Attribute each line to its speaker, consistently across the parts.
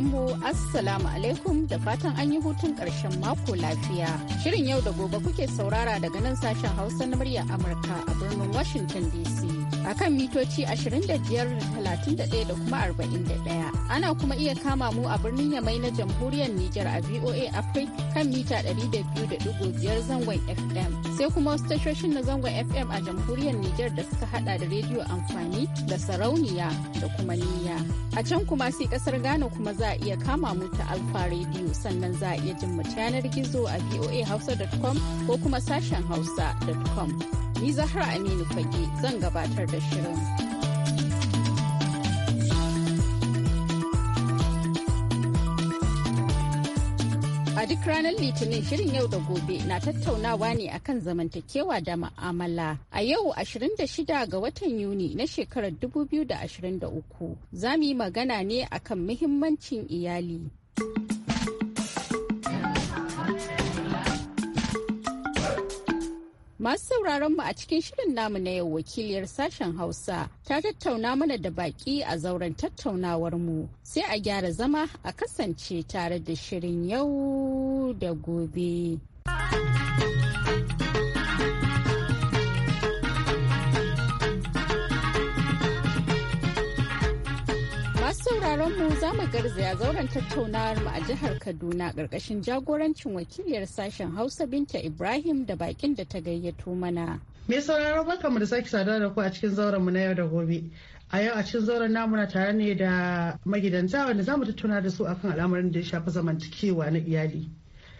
Speaker 1: mu Assalamu alaikum da fatan an yi hutun ƙarshen mako lafiya. Shirin yau da gobe kuke saurara daga nan sashen Hausa na murya Amurka a birnin Washington DC. a kan mitoci 25,31 da kuma 41. Ana kuma iya kama mu a birnin Yamai na jamhuriyar Nijar a VOA Africa kan mita 200.5 zangon FM. Sai kuma wasu tashoshin na zangon FM a jamhuriyar Nijar da suka hada da rediyo amfani da sarauniya da kuma niyya. A can kuma sai kasar Ghana kuma za a iya kama mu ta Alfa Radio sannan za a iya jin mu yanar gizo a voa voahausa.com ko kuma sashen hausa.com. Ni Zahra Aminu Fage zan gabatar da shirin. A duk ranar Litinin shirin yau da gobe na tattaunawa ne akan zamantakewa da ma'amala. A yau 26 ga watan Yuni na shekarar 2023 za mu yi magana ne akan muhimmancin iyali. Masu sauraron mu a cikin shirin namu na yau wakiliyar sashen Hausa ta tattauna mana da baki a zauren tattaunawar mu sai a gyara zama a kasance tare da shirin yau da gobe. Masu sauraron mu za mu garzaya zauren tattaunawar mu a jihar Kaduna ƙarƙashin jagorancin wakiliyar sashen Hausa Binta Ibrahim da bakin da ta gayyato mana.
Speaker 2: Me sauraron mu da sake sada da ku a cikin zauren mu na yau da gobe. a yau a cikin zauren namu na tare ne da magidanta wanda za mu tattauna da su akan al'amarin da ya shafi zamantakewa na iyali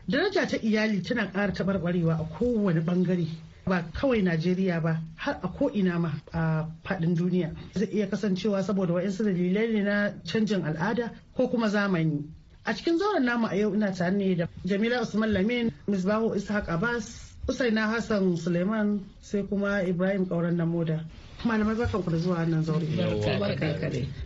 Speaker 2: daraja ta iyali tana ƙara taɓarɓarewa a kowane ɓangare ba kawai Najeriya ba har a ko'ina ma a faɗin duniya zai iya kasancewa saboda waɗansu dalilai ne na canjin al'ada ko kuma zamani. A cikin zauren namu a yau ina tare ne da Jamila Usman Lamin, Misbahu Ishaq Abbas, Usaina Hassan Suleiman sai kuma Ibrahim Kauran Namoda. malamai barkan ku da zuwa wannan zaure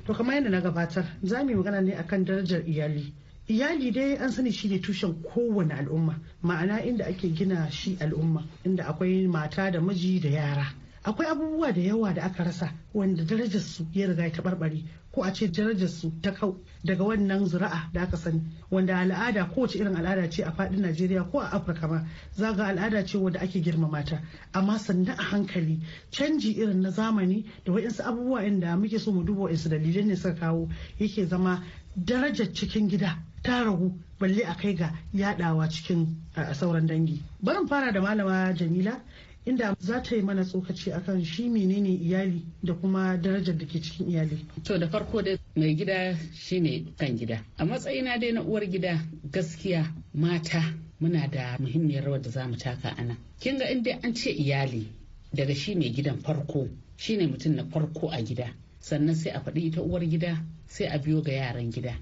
Speaker 2: to kamar yadda na gabatar za mu yi magana ne akan darajar iyali iyali dai an sani shi ne tushen kowane al'umma ma'ana inda ake gina shi al'umma inda akwai mata da miji da yara akwai abubuwa da yawa da aka rasa wanda darajar su ya riga ta barbare ko a ce darajar su ta kau daga wannan zuri'a da aka sani wanda al'ada kowace irin al'ada ce a faɗin Najeriya ko a Afirka ma zaga al'ada ce wanda ake girmama ta amma sannan a hankali canji irin na zamani da wa'insu abubuwa inda muke so mu duba wa'insu dalilai ne suka kawo yake zama darajar cikin gida ta ragu balle a kai ga yadawa cikin sauran dangi barin fara da malama jamila inda za ta yi mana tsokaci akan shi menene iyali da kuma darajar da ke cikin iyali. To da farko da mai gida shine kan gida. A
Speaker 3: matsayina dai na uwar gida gaskiya mata muna da muhimmiyar rawar da za mu taka a Kin ga inda an ce iyali daga shi mai gidan farko shine mutum na farko a gida. Sannan sai a faɗi ita uwar gida sai a biyo ga yaran gida.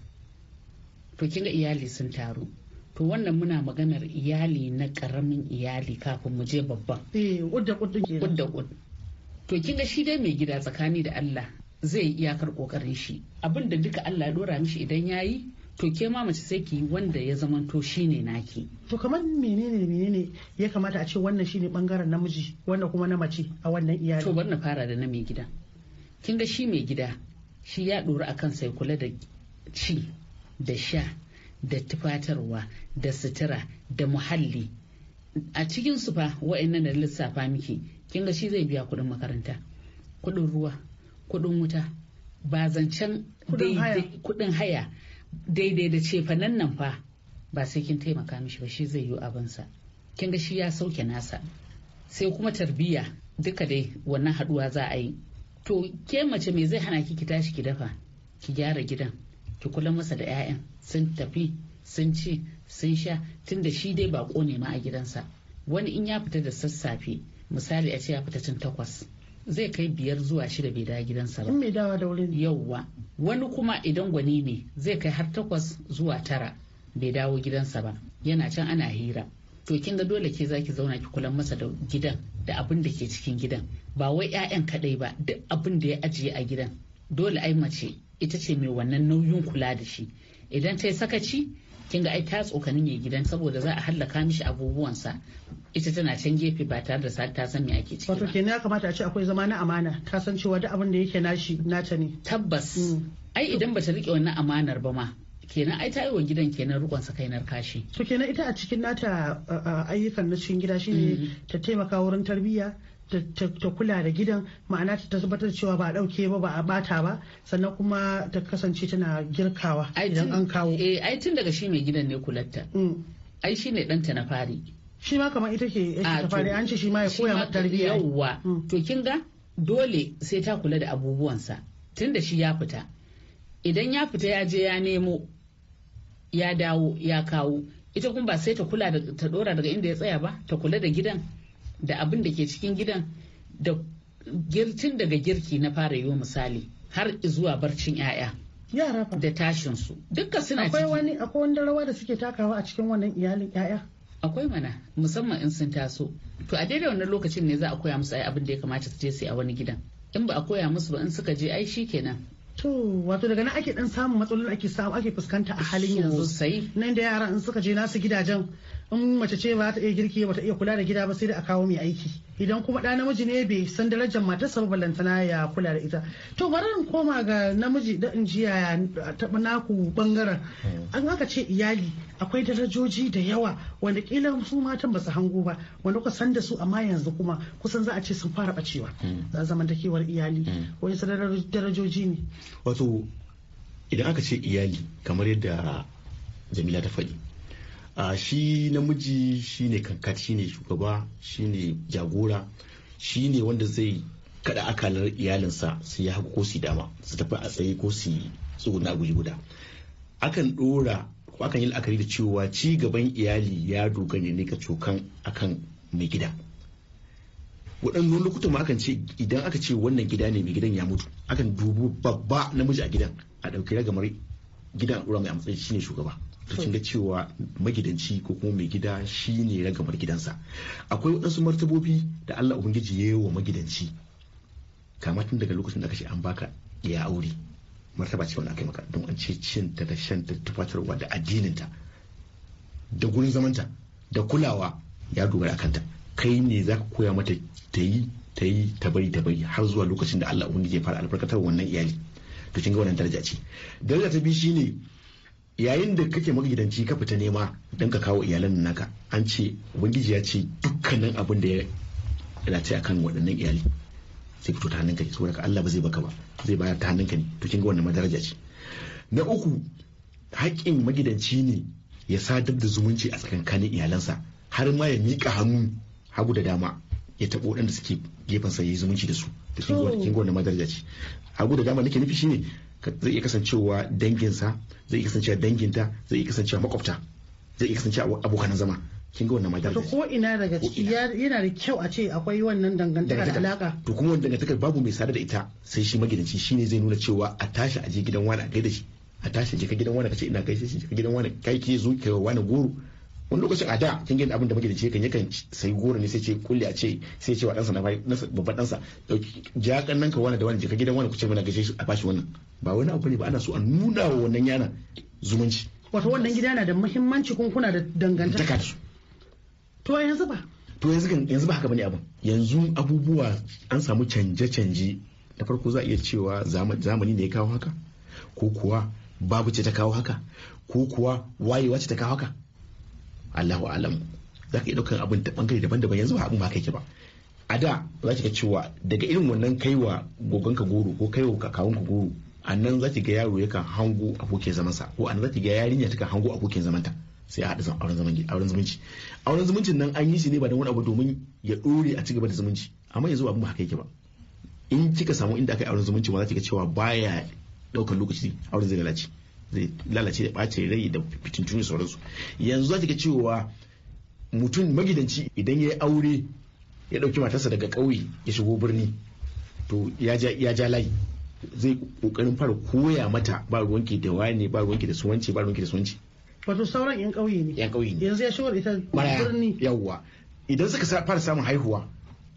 Speaker 3: to kinga iyali sun taru to wannan muna maganar iyali na karamin iyali kafin mu je babban kudda eh, to kinga shi dai mai gida tsakani da Allah zai yi iyakar kokarin shi abin da duka Allah ya dora mishi idan yayi to ke ma mace
Speaker 2: sai ki wanda ya shi shine naki to kamar menene menene ya kamata a ce wannan shine bangaren namiji wannan kuma na mace a wannan iyali to na fara da na mai gida
Speaker 3: kin ga shi mai gida shi ya dora akan sai kula da ci da sha da tufatarwa da sutura da muhalli a cikin su fa wa'annan da lissafa miki kin ga shi zai biya kuɗin makaranta kuɗin ruwa kuɗin wuta ba zancen kuɗin haya daidai da cefa nan nan fa ba sai kin taimaka mishi ba shi zai yi abinsa kin ga shi ya sauke nasa sai kuma tarbiyya duka dai wannan haduwa za a yi to ke mace me zai hana ki ki tashi ki dafa ki gyara gidan ki kula masa da 'ya'yan sun tafi sun ci sun sha tunda shi dai bako ne ma a gidansa wani in ya fita da sassafe misali a ce ya fita tun takwas zai kai biyar zuwa shida bai dawo gidansa ba. Bai dawo da wurin. Yawwa. Wani kuma idan gwani ne zai kai har takwas zuwa tara bai dawo gidansa ba. Yana can ana hira. To kin ga dole ke zaki zauna ki kula masa da gidan da abin da ke cikin gidan. Ba wai 'ya'yan kadai ba duk abin da ya ajiye a gidan. Dole ai mace ita ce mai wannan nauyin kula da shi idan ta yi sakaci kin ga ai ta tsokani mai gidan saboda za a hallaka mishi abubuwansa ita tana can gefe ba tare da ta san me ake ciki ba. wato kenan ya kamata a ce akwai zama na amana ta san cewa duk abin da yake nashi nata ne tabbas mm. ai idan bata rike wannan amanar ba ma kenan ai ta yi wa gidan kenan rukon
Speaker 2: sa kainar kashi to kenan ita a cikin nata ayyukan na cikin gida shine mm. ta taimaka wurin tarbiyya ta kula da gidan ma'ana ta tabbatar cewa ba a ɗauke ba ba a bata ba sannan kuma ta kasance tana girkawa idan an
Speaker 3: kawo eh, ai tun daga shi mai gidan ne kulatta mm. ai shi ne ɗanta na fari shi ma kamar ita ke ah, ta fari an ce shi ma ya koya mata tarbiyya yawwa mm. to kin ga dole sai ta kula da abubuwansa tun da shi ya fita idan ya fita ya je ya nemo ya dawo ya kawo ita kuma ba sai ta kula da ta dora daga inda ya tsaya ba ta kula da gidan da abin da ke cikin gidan da girtin daga girki na fara yiwu misali har zuwa barcin 'ya'ya yara fa da tashin su
Speaker 2: dukka suna akwai wani akwai wani rawa da suke takawa a cikin wannan iyalin 'ya'ya akwai mana
Speaker 3: musamman in sun taso to a daidai wannan lokacin ne za a koya musu ai abin da ya kamata su je su a wani gidan in ba a koya musu ba in suka
Speaker 2: je ai kenan To wato daga nan ake dan samun matsalolin ake samu ake fuskanta a halin yanzu. Sosai. Nan da yara in suka je nasu gidajen in mace ce ba ta iya girki ba ta iya kula da gida ba sai da a kawo mai aiki idan kuma ɗa namiji ne bai san darajar matarsa ba ballantana ya kula da ita to bari in koma ga namiji da in jiya taɓa naku bangaren an hmm. aka ce iyali akwai darajoji da yawa wanda kila su matan basu hango ba wanda kuka san da su amma yanzu kuma kusan za a ce sun fara bacewa hmm. za takewar iyali hmm.
Speaker 4: wani darajoji ne wato idan aka ce iyali kamar yadda jamila ta faɗi a shi namiji shi kankat ne shugaba ne jagora shi ne wanda zai kada akalar iyalinsa sai yi hagu ko su dama su tafi a tsaye ko su tsuguna guji guda akan dora ko akan yi la'akari da cewa ci gaban iyali ya dogara ne ga cokan akan mai gida waɗannan lokutan ma akan ce idan aka ce wannan gida ne mai gidan ya mutu akan dubu babba namiji a gidan a ɗauki ragamar gidan a ɗora mai a matsayin shine shugaba to ga hmm. cewa magidanci ko kuma mai gida shi shine ragamar gidansa akwai waɗansu martabobi da Allah ubangiji ya yi wa magidanci Kama tun daga lokacin da aka ce an baka ya aure martaba ce wani aka yi maka don an ce cin ta da shan ta tufatarwa da addininta da gurin zamanta da kulawa ya dogara kanta kai ne za ka koya mata ta yi ta yi ta bari ta bari har zuwa lokacin da Allah ubangiji ya fara albarkatar wannan iyali to ga wannan daraja ce daraja ta biyu shine yayin da kake magidanci ka fita nema don ka kawo iyalan naka an ce ubangiji ya ce dukkanin abin da ya dace akan waɗannan iyali sai fito ta hannunka ne saboda Allah ba zai baka ba zai bayar ta hannunka ne to kin ga wannan madaraja ce na uku haƙƙin magidanci ne ya sadar da zumunci a tsakankanin iyalansa har ma ya miƙa hannu hagu da dama ya taɓo waɗanda suke gefen sa ya yi zumunci da su to kin ga wannan madaraja ce hagu da dama nake nufi shine zai iya kasancewa danginsa zai iya kasancewa danginta zai iya kasancewa makwabta zai iya kasancewa abokan zama kin ga wannan madara
Speaker 2: ko ina daga ciki yana da kyau a ce akwai wannan dangantaka da alaka
Speaker 4: to kuma wannan dangantakar babu mai sada da ita sai shi magidanci shine zai nuna cewa a tashi a je gidan wani a gaida shi a tashi je ka gidan wani kace ina gaishe shi ka gidan wani kai ke zo ka wani goro wani lokacin a da kin gina abin da muke da kan yakan sai goro ne sai ce kulle a ce sai ce wa ɗansa na babban ɗansa ja kannan ka wani da wani jika gidan wani kuce mana gaishe a bashi wannan ba wani abu ne ba ana so a nuna wa wannan yana zumunci wato wannan gida na da muhimmanci kun kuna da dangantaka da su to yanzu ba to yanzu yanzu ba haka bane abin yanzu abubuwa an samu canje-canje da farko za a iya cewa zamani ne ya kawo haka ko kuwa babu ce ta kawo haka ko kuwa wayewa ce ta kawo haka Allahu alam za ka iya ɗaukar abin ta bangare daban-daban yanzu ba abin ba kai ba a da za ki ga cewa daga irin wannan kaiwa gogon ka goro ko kaiwa ka goro a nan za ki ga yaro kan hango abokin zamansa ko a nan za ki ga yarinya takan hango abokin zamanta sai a haɗa auren zaman auren zumunci auren zumuncin nan an yi shi ne ba don wani abu domin ya ɗore a cigaba da zumunci amma yanzu abin ba haka yake ba in kika samu inda aka yi auren zumunci ma za ki ga cewa baya ɗaukar lokaci auren zai lalace zai lalace da ɓace rai da fitintuni sauransu yanzu za ga cewa mutum magidanci idan ya yi aure ya ɗauki matarsa daga ƙauye ya shigo birni to ya ja layi zai ƙoƙarin fara koya mata ba ruwanki da wani ba ruwanki da suwanci ba ruwanki da suwanci wato sauran yan ƙauye ne yan ƙauye ne yanzu ya shigo ita birni yawwa idan suka fara samun haihuwa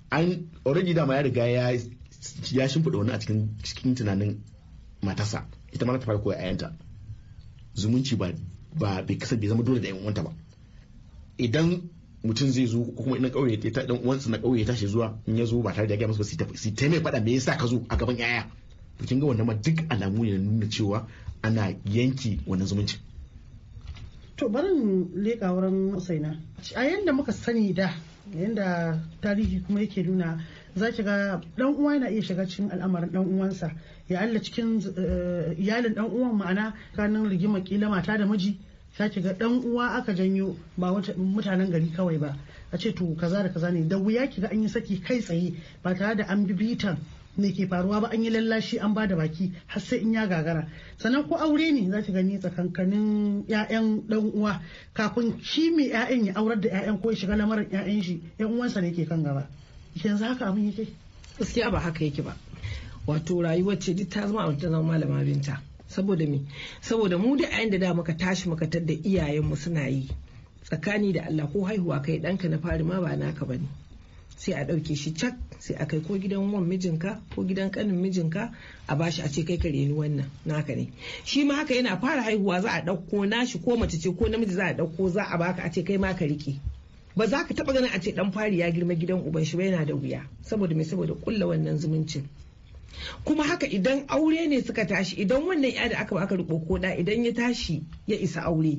Speaker 4: an already dama ya riga ya ya shimfiɗa wani a cikin cikin tunanin matasa ita ma ta fara koya ayanta zumunci ba ba bai kasa bai zama dole da yan ba idan mutum zai zo ko kuma idan kauye ta dan uwansa na kauye tashi zuwa in ya zo ba tare da ya masa ba sai ta mai fada me yasa ka zo a gaban yaya to kin ga wannan ma duk alamu ne na nuna cewa ana yanki wannan zumunci.
Speaker 2: to barin leka wurin Usaina a yanda muka sani da yanda tarihi kuma yake nuna za ki ga dan uwa yana iya shiga cikin al'amarin dan uwansa ya Allah cikin eh, iyalin dan uwan ma'ana kanin rigima kila mata da miji za ki ga dan uwa aka janyo ba mutanen gari kawai ba a ce to kaza da kaza ne da wuya ki ga an yi saki kai tsaye ba tare da an bi bitan me ke faruwa ba an yi lallashi an bada baki har sai in ya gagara sannan ko aure ne za ki gani tsakankanin ƴaƴan dan uwa kafin shi mai ƴaƴan ya aurar da ƴaƴan ko ya shiga lamarin ƴaƴan shi ƴan uwansa ne
Speaker 5: ke kan gaba yanzu haka abin yake gaskiya ba haka yake ba wato rayuwar ce duk ta zama a ta zama malama binta saboda me saboda mu da ayin da da muka tashi muka tadda mu suna yi tsakani da Allah ko haihuwa kai ɗanka na fari ma ba naka bane sai a ɗauke shi cak sai a kai ko gidan wan mijinka ko gidan kanin mijinka a bashi a ce kai ka reni wannan naka ne shi ma haka yana fara haihuwa za a ɗauko nashi ko mace ce ko namiji za a ɗauko za a baka a ce kai ma ka rike ba za ka taba ganin a ce dan fari ya girma gidan uban shi ba yana da wuya saboda me saboda kulla wannan zumuncin kuma haka idan aure ne suka tashi idan wannan ya da aka aka riko koda idan ya tashi ya isa aure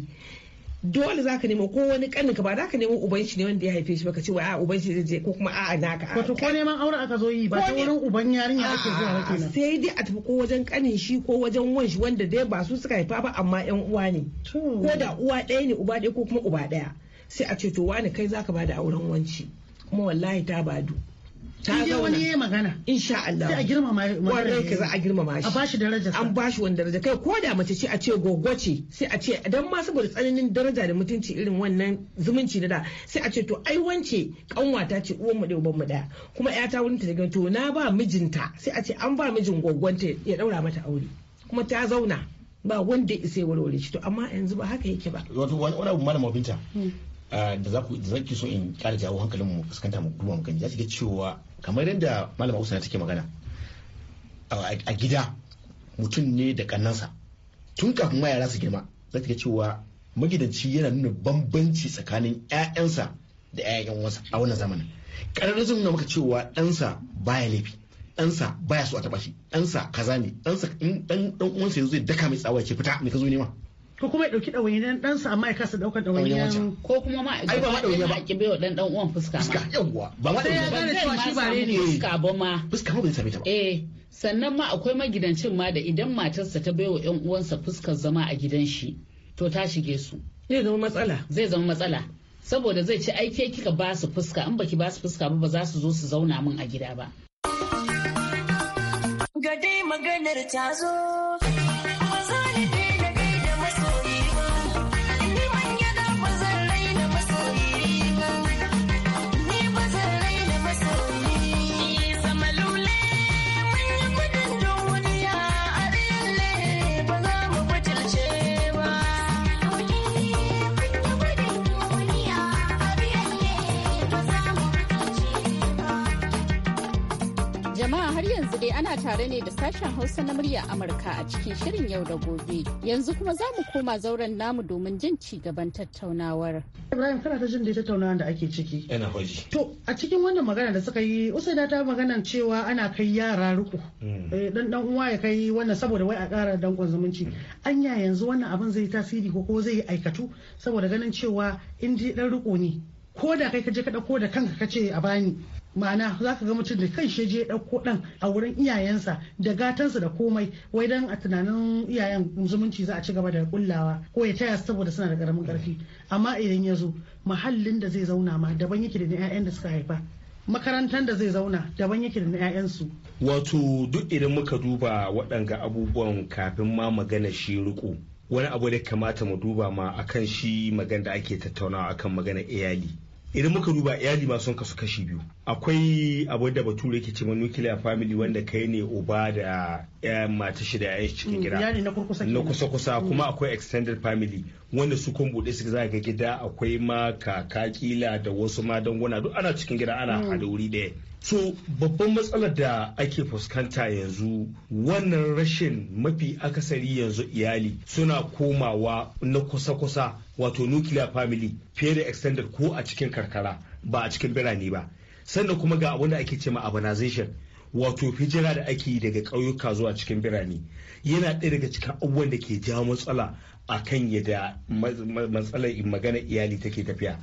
Speaker 5: dole za ka nemo ko wani ka ba za ka nemo uban shi ne wanda ya haife shi ba ka ce wa a uban shi zai je ko kuma a'a naka wato ko neman aure aka zo yi ba ta wurin uban yarinya ake zuwa ba kenan sai dai a tafi ko wajen kanin shi ko wajen wan shi wanda dai ba su suka haifa ba amma yan uwa ne ko da uwa ɗaya ne uba ɗaya ko kuma uba ɗaya sai a ce to wani kai zaka ba da auren wanci kuma wallahi ta badu ta zauna wani yayi magana insha Allah sai a girmama kwarai kai za a girmama shi a bashi daraja an bashi wani daraja kai ko da mace ce a ce gogo ce sai a ce dan ma saboda tsananin daraja da mutunci irin wannan zumunci da da sai a ce to ai wance kanwata ce uwan mu da uban mu daya kuma ta wurin ta daga to na ba mijinta sai a ce an ba mijin gogonta ya daura mata aure kuma ta zauna ba wanda ya isa warware shi to amma yanzu ba haka yake ba
Speaker 4: wato wani abu malama binta da za zaki so in kara jawo hankalin mu fuskanta mu duba mu gani za ki ga cewa kamar yadda malama usana take magana a gida mutum ne da kannansa tun kafin ma yara su girma za ki ga cewa magidanci yana nuna bambanci tsakanin 'ya'yansa da 'ya'yan wasa a wannan zamanin ƙararra zan nuna maka cewa ɗansa baya laifi ɗansa baya so a taɓa shi ɗansa kaza ne ɗansa in ɗan uwansa yanzu zai daka mai tsawa ya ce fita mai ka zo nema ko kuma ya dauki dan ɗansa amma ya kasa daukar ɗawainiyar
Speaker 3: ko kuma ma ai ba ɗawainiyar ba
Speaker 4: ki baiwa ɗan dan uwan fuska ma
Speaker 3: ba ma ɗawainiyar ba zai ma shi ba ne fuska ba ma fuska ba bai same ta ba eh sannan ma akwai magidancin ma da idan matarsa ta baiwa yan uwansa fuskar zama a gidan shi to ta shige su zai zama matsala zai zama matsala saboda zai ci aike kika ba su fuska in baki ba su fuska ba ba za su zo su zauna min a gida ba ga
Speaker 1: maganar ta zo yanzu dai ana tare ne da sashen Hausa na murya Amurka a cikin shirin yau da gobe. Yanzu kuma za mu koma zauren namu domin jin
Speaker 2: ci gaban tattaunawar. Ibrahim kana ta jin da tattaunawar da ake
Speaker 6: ciki. Yana kwaji
Speaker 2: To a cikin wannan magana da suka yi Usaina ta maganan cewa ana kai yara riko. Hmm. Eh, dan dan uwa ya kai wannan saboda wai a kara dankon zumunci. Hmm. Anya yanzu wannan abin zai tasiri ko ko zai aikatu saboda ganin cewa in dai dan riko ne ko da kai ka je ka dauko da kanka kace a bani ma'ana za ka ga mutum da kan shi je ɗauko ɗan a wurin iyayensa da gatansa da komai wai dan a tunanin iyayen zumunci za a ci gaba da kullawa ko ya taya saboda suna da karamin karfi amma idan ya zo mahallin da zai zauna ma daban yake da 'ya'yan da suka haifa makarantar da zai zauna daban yake da na 'ya'yansu.
Speaker 6: Wato duk idan muka duba waɗanga abubuwan kafin ma magana shi riko wani abu da kamata mu duba ma akan shi magana da ake tattaunawa akan magana iyali. idan muka duba iyali ma sun kasu kashi biyu akwai abu da bature yake cewa nuclear family wanda kai ne uba da mata shida ya cikin mm, gida na kusa kusa mm. kuma akwai extended family wanda su kun buɗe su zaka gida akwai ma kaka kila da wasu ma danguna duk ana cikin gida ana hmm. hada wuri ɗaya so babban matsalar da ake fuskanta yanzu wannan rashin mafi akasari yanzu iyali suna komawa na kusa-kusa wato nuclear family fiye da extended ko a cikin karkara ba a cikin birane ba sannan kuma ga abin da ake cema urbanization wato hijira da ake yi daga ƙauyuka zuwa cikin birane yana ɗaya daga cikin abubuwan da ke jawo matsala a kan yadda matsalar magana iyali take tafiya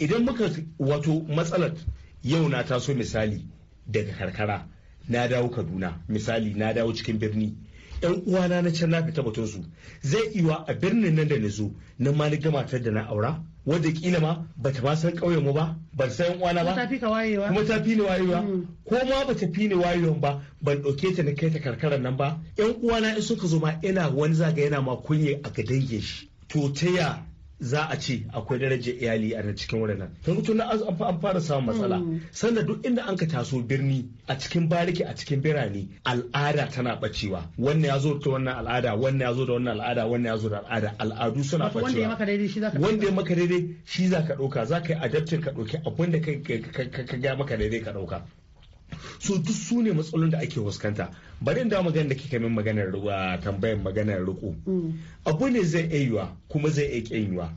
Speaker 6: idan muka wato matsalar yau na taso misali daga karkara na dawo kaduna misali na dawo cikin birni yan uwana na can na fita batun su zai iwa a birnin nan da na zo na ma na matar da na aura wadda kila ma bata ba san ƙauyen mu ba ban san yan uwana ba kuma ta
Speaker 2: fi ni wayewa
Speaker 6: ko ma bata fi ni wayewa mm. ba ban ɗauke ta na kai ta karkarar nan ba yan uwana in suka zo ma ina wani zaga yana ma kunye a ga dangin shi to ta za a ce akwai darajar iyali a cikin wurin nan tun mutum na an fara samun matsala mm. sannan duk inda an ka taso birni a cikin bariki a cikin birane al'ada tana bacewa wannan ya zo da wannan al'ada wannan ya zo da wannan al'ada wannan ya zo da al'ada al'adu suna bacewa wanda ya maka daidai shi za ka ya maka daidai shi yi adaptin ka dauki abin da ka ga maka daidai ka dauka so duk su ne matsalolin da ake fuskanta bari da magana da kika min maganar ruwa tambayar maganar ruku mm. abu ne zai iya kuma zai iya kyanwa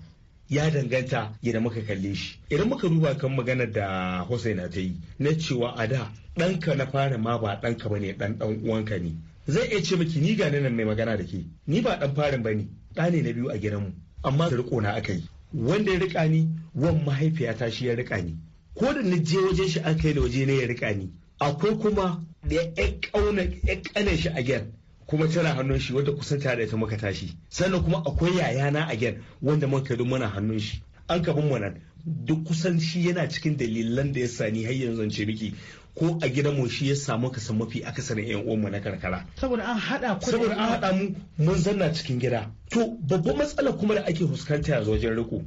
Speaker 6: ya danganta idan muka kalle shi idan muka duba kan maganar da Hussaina ta yi na cewa a da ɗanka na fara ma ba ɗanka bane ɗan ɗan uwanka ne zai iya ce miki ni ga nan mai magana da ke ni ba ɗan farin bane ɗa ne na biyu a mu. amma da riko na aka yi wanda ya rika ni wan mahaifiyata shi ya rika ni ko da na je wajen shi an kai da waje ne ya rika ni akwai kuma da ya kane shi a gen kuma tana hannun shi wanda kusan tare da ita muka tashi sannan kuma akwai yayana a gen wanda muka yi muna hannun shi an kafin mu nan duk kusan shi yana cikin dalilan da ya sani har yanzu ce miki ko a gidanmu shi ya samu ka san mafi akasarin yan uwanmu na karkara
Speaker 2: saboda an hada ku saboda an hada
Speaker 6: mu mun zanna cikin gida to babban matsala kuma da ake fuskanta yanzu wajen riko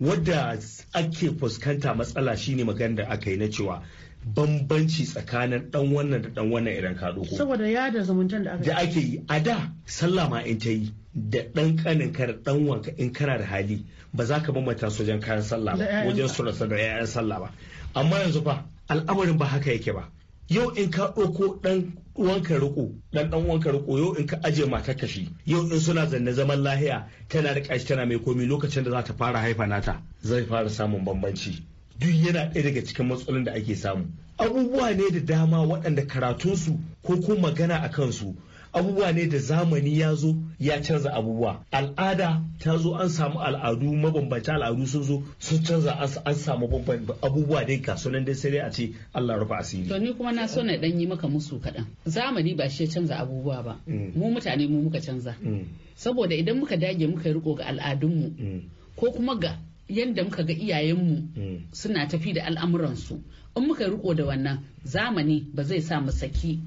Speaker 6: wadda ake fuskanta matsala shine magana da aka yi na cewa bambanci tsakanin dan wannan da dan wannan idan ka doko
Speaker 2: saboda ya da zumuntan da aka da
Speaker 6: ake yi a da sallah ma in ta yi da dan kanin ka da dan wanka in kana da hali ba za ka bambanta su wajen kayan sallah ba wajen su da yayan sallah ba amma yanzu fa al'amarin ba haka yake ba yau in ka doko ɗan wanka riko ɗan ɗan wanka riko yau in ka aje mata kashi yau in suna zanne zaman lahiya tana da kashi tana mai komi lokacin da za ta fara haifa nata zai fara samun bambanci duk yana ɗaya daga cikin matsalolin da ake samu abubuwa ne da dama waɗanda karatunsu ko ko magana a kansu abubuwa ne da zamani ya zo ya canza abubuwa al'ada ta zo an samu al'adu mabambanta al'adu sun zo sun canza an samu abubuwa dai ga sunan dai sai a ce Allah rufa asiri to
Speaker 3: ni kuma na so na dan yi maka musu kaɗan zamani ba shi ya canza abubuwa ba mm. mu mutane mu muka canza mm. saboda idan muka dage muka riko ga al'adunmu mm. ko kuma ga yadda muka ga iyayenmu hmm. suna tafi da al'amuransu in muka riko da wannan zamani ba zai sa mu saki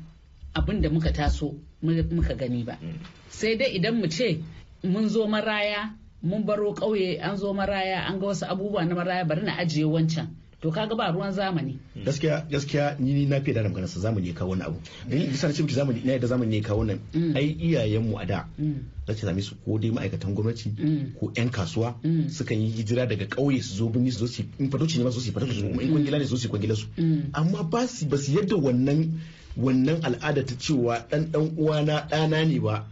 Speaker 3: abin da muka taso muka gani ba hmm. sai dai idan mu ce mun zo maraya mun baro ƙauye an zo maraya an ga wasu abubuwa na maraya bari na ajiye wancan to kaga ba ruwan zamani
Speaker 4: gaskiya gaskiya ni na fiye da magana sa zamani ya kawo wani abu dalilin da sanin cewa zamani ina da zamani ya kawo nan mm. ai iyayenmu a da za mm. ta su ko dai ma'aikatan gwamnati mm. ko yan kasuwa sukan yi hijira daga kauye su zo birni su zo su in fatoci ne ma su su fatoci su in kwangila ne su su kwangila su amma ba su ba su yadda wannan wannan al'ada ta cewa dan dan uwana dana ne ba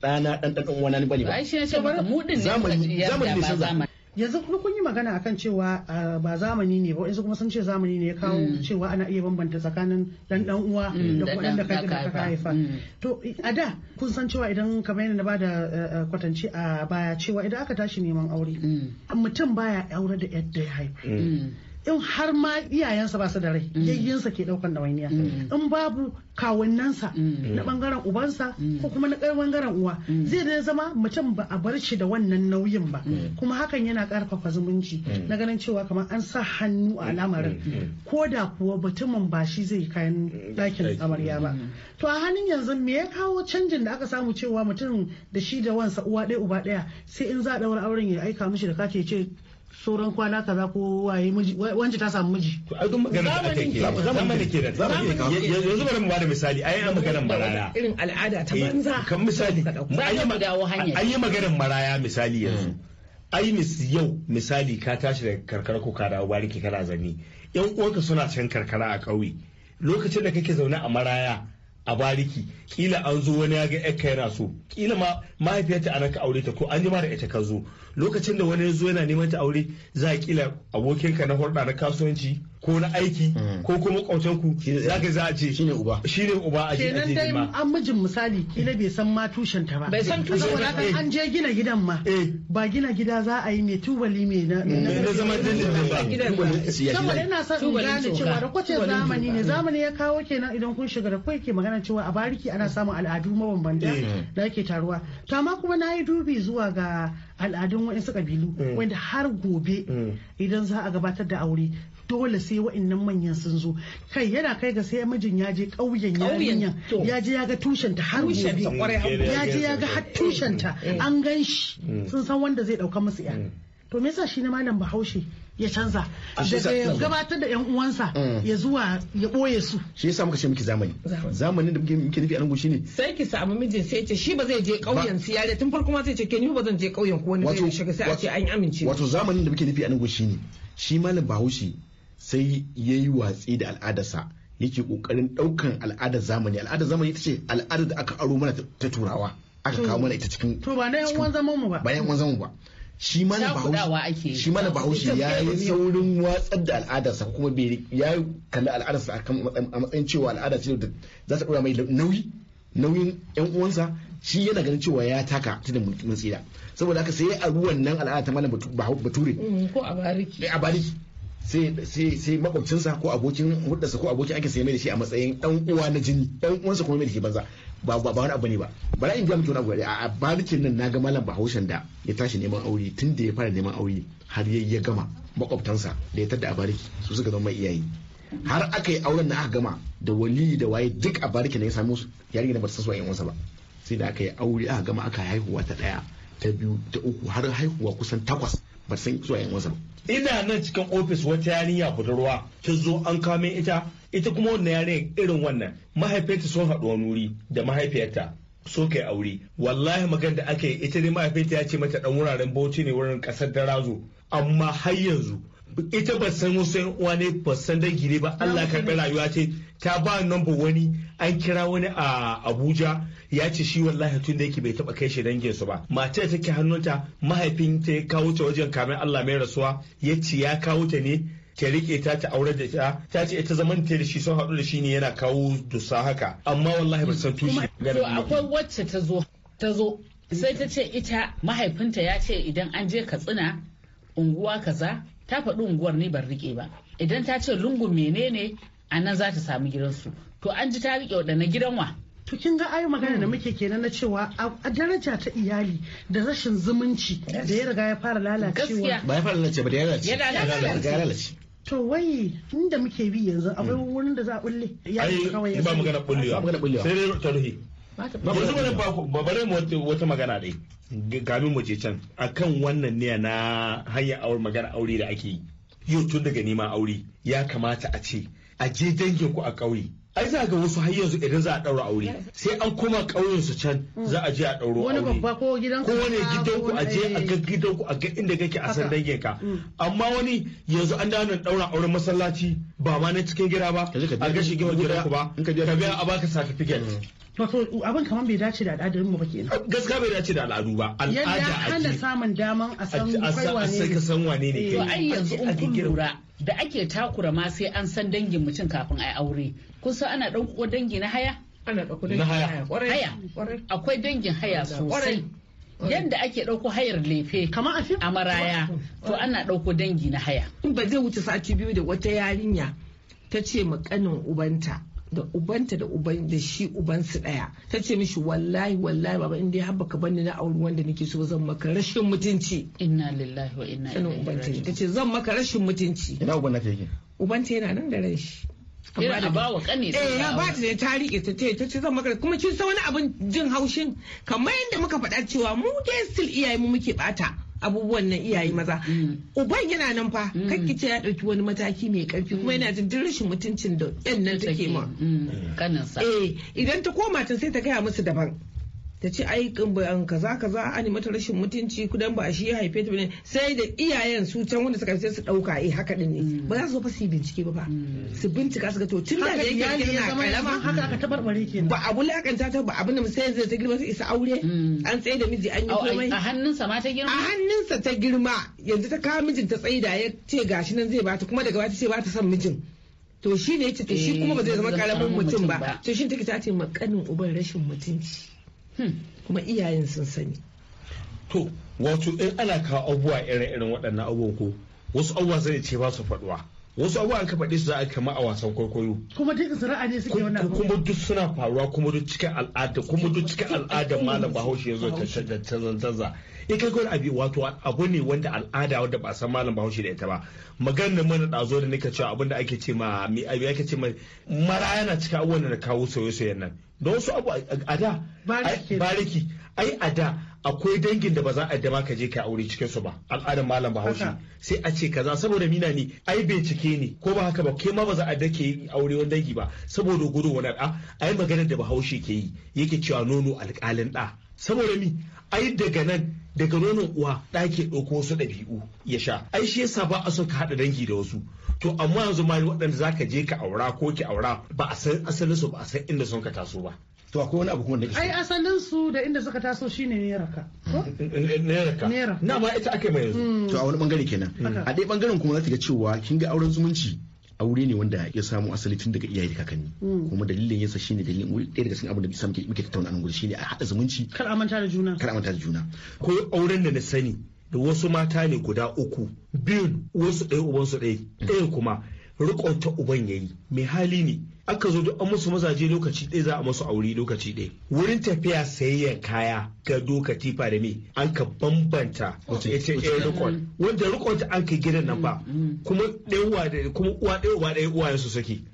Speaker 4: Dana dan dan uwana ne ba ne ba
Speaker 2: zamani zamani ne yanzu kuma kun yi magana akan cewa ah, ba zamani ne ba yanzu kuma sun ce zamani ne ya kawo mm. cewa ana iya bambanta tsakanin dan dan uwa da kuma dan da da ka haifa mm. to a da kun san cewa idan kamar yadda na bada eh, eh, kwatance a baya cewa idan aka tashi neman aure mm. mutum baya aure da yadda ya haifa in har ma iyayensa ba su da rai mm. yayyinsa ke daukan wani mm. in babu kawunansa mm. na bangaren ubansa ko kuma na bangaren uwa zai da zama mutum ba a bar shi da wannan nauyin ba kuma hakan yana karfafa zumunci na ganin cewa kamar an sa hannu a lamarin ko da kuwa mutumin ba shi zai kayan ɗakin amarya ba to a hannun yanzu me ya kawo canjin da aka samu cewa mutum da shi da wansa uwa ɗaya uba ɗaya sai in za a ɗaura auren ya aika mishi da kake ce sauran kwana kaza ko waye miji wanda ta samu miji da ke zamani ke
Speaker 6: yanzu bari mu bada misali ayi maganar maraya
Speaker 5: irin al'ada
Speaker 2: ta
Speaker 6: eh, banza kan misali an yi maganar maraya misali yanzu hmm. ayi mis yau misali ka tashi daga karkara ko ka dawo bariki kana zani yan uwanka suna can karkara a ƙauye lokacin da kake zaune a maraya a bariki kila an zo wani ya ga yakka yana so kila ma mahaifiyarta ana ka aure ta ko an jima da ita ka zo lokacin da wani ya zo yana neman ta aure za a kila abokinka na hulɗa na kasuwanci ko na aiki mm. ko kuma ku za ka za a ce shine uba shine uba a jina dai an
Speaker 2: mijin misali kila bai san ma tushen ta ba bai san tushen ba an je gina gidan ma eh. ba gina gida za a yi mai tubali mai na mm. na zama dindindin ba saboda ina san in gane cewa da kwace zamani ne zamani ya kawo kenan idan kun shiga da kai ke magana ganin cewa a bariki ana samun al'adu mabambanta eh. da ake taruwa to amma kuma na yi dubi zuwa ga al'adun waɗansu ƙabilu eh. wanda har gobe eh. idan za a gabatar da aure dole sai wa'annan manyan sun zo kai yana kai ga sai mijin ya je ƙauyen yarinyan ya je ya ga tushenta har gobe ya je ya ga har tushenta an gan shi mm. sun san wanda zai ɗauka musu ya mm. to me yasa shi na malam bahaushe ya canza daga gabatar da yan uwansa mm.
Speaker 4: ya zuwa ya boye su shi yasa muka ce miki zamani zamanin da muke nufi a nan shine
Speaker 5: sai ki samu mijin sai ce shi ba zai je kauyen su yare tun farko ma sai ce ke ni ba zan je kauyen ko wani zai shiga sai a ce an yi
Speaker 4: amince wato zamanin da muke nufi a nan shine shi malam bahaushe sai yayi watsi da al'adarsa yake kokarin daukan al'adar zamani al'adar zamani ita ce al'adar da aka aro mana ta turawa aka kawo mana ita cikin to ba na yan uwan zaman mu ba ba yan uwan zaman mu ba shi mana bahaushe shi mana bahaushe ya yi saurin watsar da al'adarsa kuma bai ya kalli al'adarsa a matsayin cewa al'ada ce da za ta dora mai nauyi nauyin yan uwansa shi yana ganin cewa ya taka tunan da mulkin tsira saboda haka sai a ruwan nan al'ada ta malam bature mm, ko a bariki a bariki sai makwabcinsa ko abokin hudarsa ko abokin ake sai mai da shi a matsayin dan uwa na jini dan uwansa kuma mai da shi banza ba ba wani abu ne ba bala in ga mutum na a barikin nan na ga malam bahaushen da ya tashi neman aure tun da ya fara neman aure har ya gama makwabtansa da ya tadda a bariki su suka zama iyaye har aka yi auren na aka gama da wali da waye duk a barikin ne ya samu su yarinya na ba su san yan ba sai da aka yi aure aka gama aka haihuwa ta ɗaya ta biyu ta uku har haihuwa kusan takwas ba san zuwa yan wasa
Speaker 6: ina nan cikin ofis wata yarinya budurwa ta zo an kame ita ita kuma wannan yare irin wannan mahaifiyarta sun haɗu wani wuri da mahaifiyarta so kai aure wallahi magana da aka yi ita ne mahaifiyarta ya ce mata dan wuraren bauchi ne wurin kasar razo amma har yanzu ita ba san wasu yan uwa ne ba san dangi ne ba Allah ka rayuwa ce ta ba number wani an kira wani a Abuja ya ce shi wallahi tun da yake bai taba kai shi dangin su ba matar take hannunta mahaifinta ya kawo ta wajen kamin Allah mai rasuwa ya ce ya kawo ta ne ta rike ta ta aure da ita ta ce ita zaman ta da shi sun haɗu da shi ne yana kawo dusa haka amma wallahi ba san tushe to akwai
Speaker 3: wacce ta zo ta zo sai ta ce ita mahaifinta ya ce idan an je katsina unguwa kaza ta faɗi unguwar ni ban rike ba idan ta ce lungun menene a nan za ta samu gidansu to an ji ta rike waɗanne gidan wa
Speaker 2: to kin ga ayi magana da muke kenan na cewa a daraja ta iyali da rashin zumunci da ya riga ya fara lalacewa ba ya fara
Speaker 4: lalace ba da ya lalace ya lalace
Speaker 2: to wai inda muke bi yanzu akwai hmm. wurin da za a bulle ya
Speaker 6: kawai ba magana bullewa sai dai tarihi
Speaker 2: yanzu bari ba
Speaker 6: ba bari wata magana dai gamin mu je can akan wannan ne na hanya aure magana aure da ake yi yau tun daga neman aure ya kamata a ce a je dangin ku a ƙauye ai za ga wasu har yanzu idan za a ɗaura aure sai an koma ƙauyen su can mm. za a je a ɗauro aure wani babba
Speaker 2: ko gidan ko wani gidan ku a je a ga
Speaker 6: gidan ku a ga inda kake a san dangin ka mm. amma wani yanzu an dawo nan ɗaura auren masallaci ba ma na cikin gida ba a ga shi gidan ku ba ka biya a baka certificate
Speaker 4: Wato mm. abin kamar bai dace da al'adarin mu ba kenan.
Speaker 6: Gaskiya bai dace da al'adu ba. Al'ada ake. Yadda hana
Speaker 2: samun daman a
Speaker 6: san kai wane ne. A san san wane ne. To ai yanzu in kun lura
Speaker 3: da ake takura ma sai an san dangin mutum kafin a yi aure. kun san ana ɗauko dangi na haya
Speaker 5: ana ɗauko dangi na haya
Speaker 3: haya akwai dangin haya sosai yadda ake ɗauko hayar lefe kamar a maraya
Speaker 5: to ana ɗauko dangi na haya ba zai wuce sati biyu da wata yarinya ta ce makanin ubanta da ubanta da uban da shi ubansu daya ta ce mishi wallahi wallahi baba in dai har baka bani na auri wanda nake so zan maka rashin mutunci inna lillahi wa inna ilaihi raji'un ta ce zan maka rashin mutunci ina uban nake yake ubanta yana nan da ran shi
Speaker 3: Eh, eh, ya ba ta
Speaker 5: da tarihi ta ta ce zan kuma kin san wani abin jin haushin kamar yadda muka faɗa cewa mu dai still iyaye mu muke bata abubuwan nan iyaye maza mm. uban yana nan fa mm. kakki ce ya dauki wani mataki mai karfi kuma mm. yana jin duk rashin mutuncin da yan nan take ma eh idan ta koma ta sai ta gaya musu daban ta ce bayan kaza kaza an mata rashin mutunci kudan ba a shi ya haife ta bane sai da iyayen su can wanda suka sai su dauka eh haka din ne mm. ba za su fa su bincike ba mm. su bincika su ga to tun da yake yana kalama haka aka tabarbare kenan ba abu lakanta ta ba abin da sai yanzu ta girma sai isa aure mm. an tsaye da miji an yi komai a hannunsa ma ta girma a hannunsa ta girma yanzu ta kawo mijin ta tsaida ya ce gashi nan zai bata kuma daga ta ce ba ta son mijin to shi ne ya ce to shi eh, kuma ba zai zama karamin mutum ba to shi take ta ce makanin uban rashin mutunci Hmm. kuma iyayen sun sani
Speaker 6: to wato in ana kawo abubuwa irin-irin waɗannan abubuwan ko wasu abubuwa zai ce ba su faɗuwa wasu an ka faɗi su za a kama a wasan kwaikwayo
Speaker 2: kuma duka sana'a ne suke wannan kuma
Speaker 6: duk suna faruwa kuma duk cikin al'ada kuma duk cikin al'ada malam bahaushe yanzu ta ta canza ita gwar abi wato abu ne wanda al'ada wanda ba san malam bahaushe da ita ba da mana ɗazo da nika cewa abinda ake ce ma abi ake ce ma mara yana cika abubuwan da kawo soyayya soyayya nan da wasu abu a da bariki ai a da akwai dangin da ba za a dama ka je ka aure cikin su ba al'adar malam bahaushe sai a ce kaza saboda mina ne ai bai cike ne ko ba haka ba ke ma ba za a dake aure wani dangi ba saboda gudu wani da ai maganar da bahaushe ke yi yake cewa nono alƙalin da saboda ni ai daga nan daga nonon uwa ɗaki ɗauko wasu ɗabi'u ya sha ai shi yasa ba a son ka haɗa dangi da wasu to amma yanzu ma waɗanda za ka je ka aura ko ki aura ba a san asalinsu ba a san inda sun ka taso ba to akwai wani abu kuma da ai
Speaker 2: asalin su da inda suka taso shine neraka
Speaker 6: neraka na ma ita aka mai yanzu
Speaker 4: hmm. to a wani bangare kenan hmm. a dai bangaren kuma za ta ga cewa kin ga auren zumunci aure ne wanda ya samu asali tun daga iyaye da kakanni hmm. kuma dalilin yasa shine dalilin ɗaya daga cikin abin da bisa muke muke tattauna nan gudu shine a haɗa
Speaker 6: zumunci kar amanta da juna kar amanta da juna ko auren da na sani da wasu mata ne guda uku biyun wasu ɗaya ubansu ɗaya ɗaya kuma rikon ta uban yayi mai hali ne aka zo duk an musu mazaje lokaci ɗaya za a masu aure lokaci ɗaya wurin tafiya sayayyar kaya ga doka Tifa da me an ka bambanta wato ita ita rukon wanda rukon ta an kai gidan nan ba mm, mm, mm. kuma ɗaya da kuma uwa ɗaya uwa ɗaya uwa su saki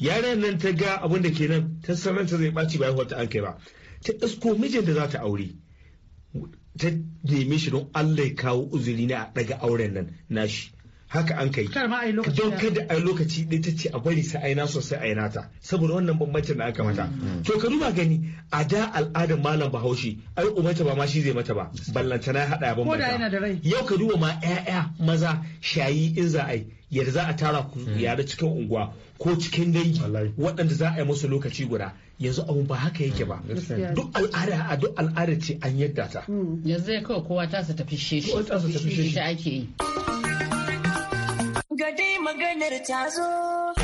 Speaker 6: yaran nan ta ga abin da ke nan ta sanar ta zai ɓaci bai wata an kai ba ta isko mijin da za ta aure ta nemi shi don Allah ya kawo uzuri na a ɗaga auren nan nashi haka an kai don kada a lokaci ɗaya ta ce a bari sai aina sosai aina ta saboda wannan bambancin da aka mata mm. to ka duba gani a da al'adar malam bahaushe ai umarta ba ma shi zai mata ba ballanta ya haɗa ya bambanta yau ka duba ma 'ya'ya maza shayi in za a yi yadda za a tara ku mm. yare cikin unguwa ko cikin dangi waɗanda za a yi musu lokaci guda yanzu abu ba haka yake ba duk al'ada a duk al'ada ce an yadda ta
Speaker 3: mm. yanzu ya kawai kowa ta su tafi sheshi ita ake yi Gade maganar ta
Speaker 1: zo.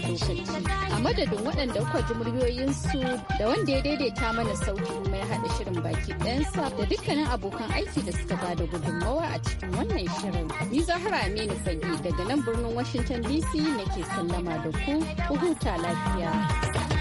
Speaker 1: madadin waɗanda kuka ji muryoyinsu da wanda ya daidaita mana sauti kuma ya haɗa shirin baki ɗansa da dukkanin abokan aiki da suka ba da gudunmawa a cikin wannan shirin. Ni Zahra Aminu Fage daga nan birnin Washington DC nake sallama da ku, ku huta lafiya.